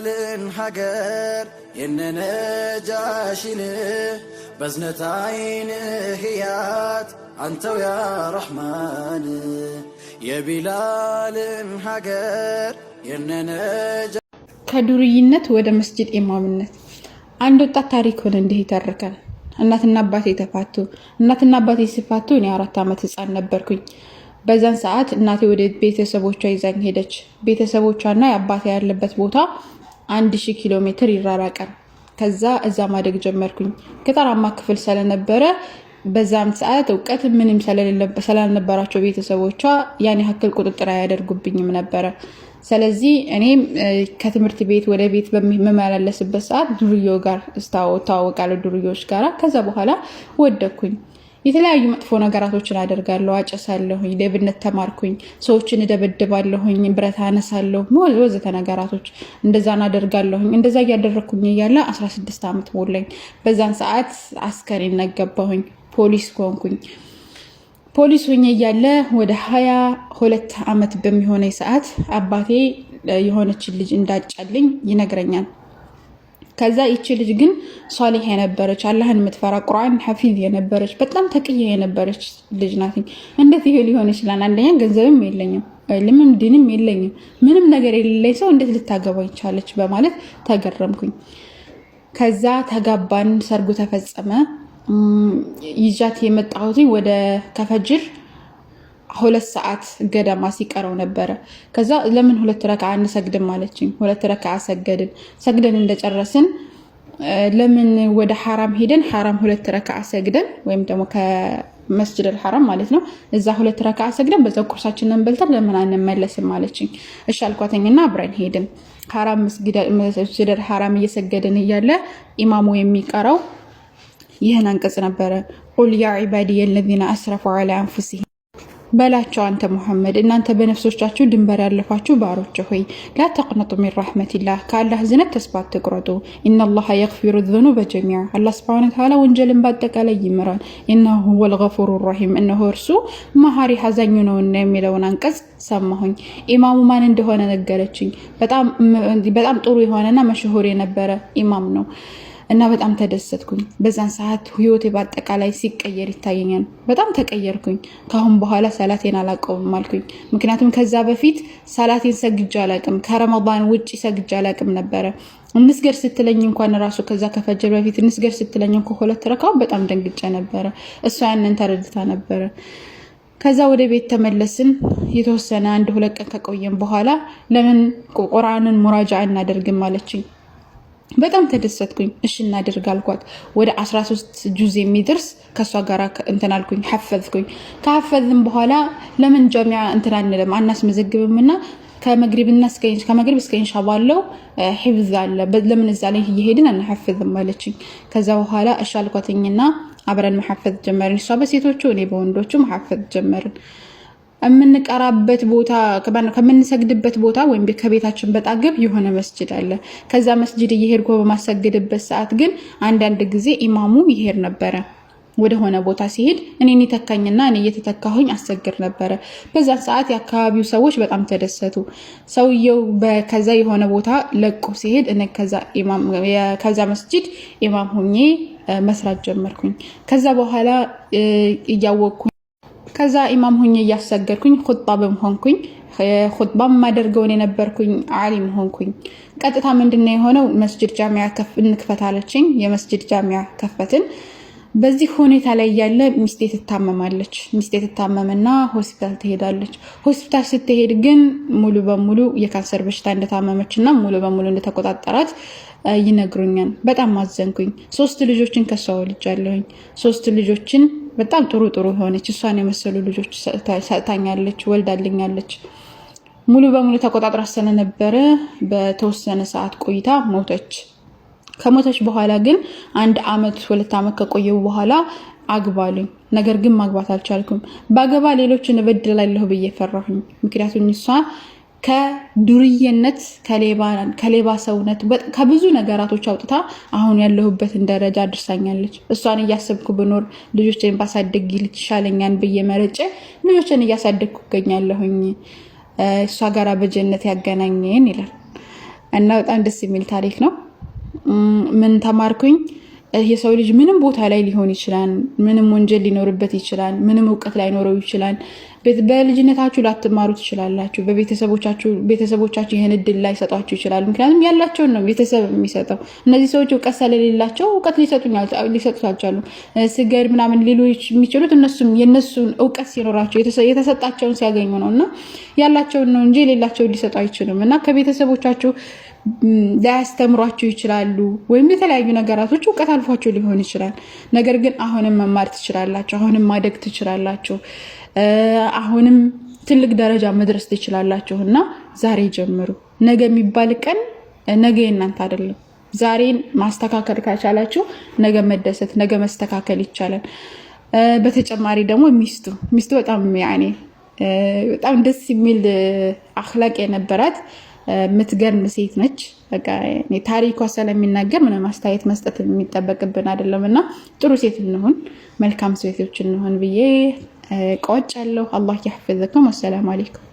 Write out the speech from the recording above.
ያልን ሀገር የነነጃሽን በዝነት አይን ህያት አንተው ያ ረሕማን የቢላልን ሀገር የነነጃ ከዱርይነት ወደ መስጅድ ኢማምነት አንድ ወጣት ታሪኩን እንዲህ ይተርካል። እናትና አባቴ ተፋቱ። እናትና አባቴ ሲፋቱ እኔ አራት ዓመት ህፃን ነበርኩኝ። በዛን ሰዓት እናቴ ወደ ቤተሰቦቿ ይዛኝ ሄደች። ቤተሰቦቿና የአባቴ ያለበት ቦታ አንድ ሺህ ኪሎ ሜትር ይራራቃል። ከዛ እዛ ማደግ ጀመርኩኝ። ገጠራማ ክፍል ስለነበረ በዛም ሰዓት እውቀት ምንም ስላልነበራቸው ቤተሰቦቿ ያን ያክል ቁጥጥር አያደርጉብኝም ነበረ። ስለዚህ እኔም ከትምህርት ቤት ወደ ቤት በምመላለስበት ሰዓት ዱርዮ ጋር እታወቃለሁ፣ ዱርዮዎች ጋር ከዛ በኋላ ወደኩኝ። የተለያዩ መጥፎ ነገራቶችን አደርጋለሁ፣ አጨሳለሁኝ፣ ሌብነት ተማርኩኝ፣ ሰዎችን እደበድባለሁኝ፣ ብረት አነሳለሁ፣ ወዘተ ነገራቶች እንደዛን አደርጋለሁኝ። እንደዛ እያደረግኩኝ እያለ 16 ዓመት ሞላኝ። በዛን ሰዓት አስከሬን ነገባሁኝ፣ ፖሊስ ሆንኩኝ። ፖሊስ ሆኜ እያለ ወደ ሀያ ሁለት ዓመት በሚሆነ ሰዓት አባቴ የሆነችን ልጅ እንዳጫልኝ ይነግረኛል። ከዛ ይቺ ልጅ ግን ሷሊህ የነበረች አላህን የምትፈራ ቁርአን ሐፊዝ የነበረች በጣም ተቅያ የነበረች ልጅ ናት። እንዴት ይሄ ሊሆን ይችላል? አንደኛ ገንዘብም የለኝም ዲንም የለኝም ምንም ነገር የሌለኝ ሰው እንዴት ልታገባ ይቻለች? በማለት ተገረምኩኝ። ከዛ ተጋባን፣ ሰርጉ ተፈጸመ። ይዣት የመጣሁት ወደ ከፈጅር ሁለት ሰዓት ገደማ ሲቀረው ነበረ። ከዛ ለምን ሁለት ረካ አንሰግድም አለችኝ። ሁለት ረካ ሰገድን። ሰግደን እንደጨረስን ለምን ወደ ሐራም ሄደን ሐራም ሁለት ረካ ሰግደን ወይም ደግሞ ከመስጅድ አልሐራም ማለት ነው እዛ ሁለት ረካ ሰግደን በዛ ቁርሳችንን በልተን ለምን አንመለስም አለችኝ። እሺ አልኳተኝና አብረን ሄድን። ሐራም መስጅድ አልሐራም እየሰገድን እያለ ኢማሙ የሚቀረው ይህን አንቀጽ ነበረ ቁል ያ ዒባዲየ ለዚነ አስረፉ ዐላ አንፉሲሂም በላቸው አንተ ሙሐመድ እናንተ በነፍሶቻችሁ ድንበር ያለፋችሁ ባሮች ሆይ ላ ሚን ራሕመቲላህ ከአላህ ዝነት ተስፋ አትቁረጡ። ኢነላሃ የግፊሩ ዙኑበ ጀሚዓ አላህ ስብሃነ ተዓላ ወንጀልን በአጠቃላይ ይምራል። ኢነሁ ሁወል ገፉሩ ራሒም እነሆ እርሱ መሐሪ ሐዛኙ ነውና የሚለውን አንቀጽ ሰማሁኝ። ኢማሙ ማን እንደሆነ ነገረችኝ። በጣም ጥሩ የሆነና መሽሁር የነበረ ኢማም ነው። እና በጣም ተደሰትኩኝ። በዛን ሰዓት ህይወቴ በአጠቃላይ ሲቀየር ይታየኛል። በጣም ተቀየርኩኝ። ከአሁን በኋላ ሰላቴን አላቀውም አልኩኝ። ምክንያቱም ከዛ በፊት ሰላቴን ሰግጄ አላቅም፣ ከረመዳን ውጭ ሰግጄ አላቅም ነበረ። እንስገድ ስትለኝ እንኳን ራሱ ከዛ ከፈጀር በፊት እንስገድ ስትለኝ እንኳ ሁለት ረካው በጣም ደንግጬ ነበረ። እሷ ያንን ተረድታ ነበረ። ከዛ ወደ ቤት ተመለስን። የተወሰነ አንድ ሁለት ቀን ከቆየን በኋላ ለምን ቁርአንን ሙራጃ እናደርግም አለችኝ። በጣም ተደሰትኩኝ። እሽ እናድርግ አልኳት። ወደ 13 ጁዝ የሚደርስ ከእሷ ጋር እንትን አልኩኝ፣ ሐፈዝኩኝ። ከሐፈዝም በኋላ ለምን ጀሚያ እንትን አንልም አናስመዘግብም እና ከመግሪብና ከመግሪብ እስከ ኢንሻ ባለው ሒፍዝ አለ፣ ለምን እዛ ላይ እየሄድን አናሐፍዝም አለችኝ። ከዛ በኋላ እሻ አልኳትኝና አብረን መሐፈዝ ጀመርን። እሷ በሴቶቹ እኔ በወንዶቹ መሐፈዝ ጀመርን። የምንቀራበት ቦታ ከምንሰግድበት ቦታ ወይም ከቤታችን በጣገብ የሆነ መስጅድ አለ። ከዛ መስጅድ እየሄድኩ በማሰግድበት ሰዓት ግን አንዳንድ ጊዜ ኢማሙ ይሄድ ነበረ። ወደሆነ ቦታ ሲሄድ እኔን የተካኝና እኔ እየተተካሁኝ አሰግድ ነበረ። በዛ ሰዓት የአካባቢው ሰዎች በጣም ተደሰቱ። ሰውየው ከዛ የሆነ ቦታ ለቆ ሲሄድ ከዛ መስጅድ ኢማም ሆኜ መስራት ጀመርኩኝ። ከዛ በኋላ እያወቅኩ ከዛ ኢማም ሆኜ እያሰገድኩኝ ኹጥባም ሆንኩኝ ኹጥባም ማደርገውን የነበርኩኝ አሊም ሆንኩኝ። ቀጥታ ምንድነው የሆነው መስጅድ ጃሚያ እንክፈታለችኝ። የመስጅድ ጃሚያ ከፈትን። በዚህ ሁኔታ ላይ እያለ ሚስቴ ትታመማለች። ሚስቴ ትታመምና ሆስፒታል ትሄዳለች። ሆስፒታል ስትሄድ ግን ሙሉ በሙሉ የካንሰር በሽታ እንደታመመች እና ሙሉ በሙሉ እንደተቆጣጠራት ይነግሩኛል። በጣም አዘንኩኝ። ሶስት ልጆችን ከሷ ወልጃለሁኝ። ሶስት ልጆችን በጣም ጥሩ ጥሩ የሆነች እሷን የመሰሉ ልጆች ሰጥታኛለች፣ ወልዳልኛለች። ሙሉ በሙሉ ተቆጣጥራ ስለነበረ በተወሰነ ሰዓት ቆይታ ሞተች። ከሞተች በኋላ ግን አንድ አመት ሁለት አመት ከቆየው በኋላ አግባሉኝ። ነገር ግን ማግባት አልቻልኩም። ባገባ ሌሎችን እበድላለሁ ብዬ ፈራሁኝ። ምክንያቱም እሷ ከዱርዬነት ከሌባ ሰውነት ከብዙ ነገራቶች አውጥታ አሁን ያለሁበትን ደረጃ አድርሳኛለች። እሷን እያሰብኩ ብኖር ልጆችን ባሳደግ ልትሻለኛን ብዬ መርጬ ልጆችን እያሳደግኩ እገኛለሁኝ። እሷ ጋራ በጀነት ያገናኘን ይላል እና በጣም ደስ የሚል ታሪክ ነው። ምን ተማርኩኝ? የሰው ልጅ ምንም ቦታ ላይ ሊሆን ይችላል። ምንም ወንጀል ሊኖርበት ይችላል። ምንም እውቀት ላይኖረው ይችላል። በልጅነታችሁ ላትማሩ ትችላላችሁ። በቤተሰቦቻችሁ ይህን እድል ላይ ሰጧችሁ ይችላሉ። ምክንያቱም ያላቸውን ነው ቤተሰብ የሚሰጠው። እነዚህ ሰዎች እውቀት ስለሌላቸው እውቀት ሊሰጡት አልቻሉም። ስገድ ምናምን ሊሉ የሚችሉት እነሱም የነሱን እውቀት ሲኖራቸው የተሰጣቸውን ሲያገኙ ነው እና ያላቸውን ነው እንጂ የሌላቸውን ሊሰጡ አይችሉም እና ከቤተሰቦቻችሁ ሊያስተምሯቸው ይችላሉ፣ ወይም የተለያዩ ነገራቶች እውቀት አልፏቸው ሊሆን ይችላል። ነገር ግን አሁንም መማር ትችላላችሁ፣ አሁንም ማደግ ትችላላችሁ፣ አሁንም ትልቅ ደረጃ መድረስ ትችላላችሁ እና ዛሬ ጀምሩ። ነገ የሚባል ቀን ነገ የእናንተ አይደለም። ዛሬን ማስተካከል ካቻላችሁ ነገ መደሰት፣ ነገ መስተካከል ይቻላል። በተጨማሪ ደግሞ ሚስቱ ሚስቱ በጣም ያኔ በጣም ደስ የሚል አክላቅ የነበራት የምትገርም ሴት ነች። ታሪኳ ስለሚናገር ምንም አስተያየት መስጠት የሚጠበቅብን አይደለም እና ጥሩ ሴት እንሆን፣ መልካም ሴቶች እንሆን ብዬ ቆጫለሁ። ያለሁ። አላህ ያህፍዘኩም። ወሰላም አሌይኩም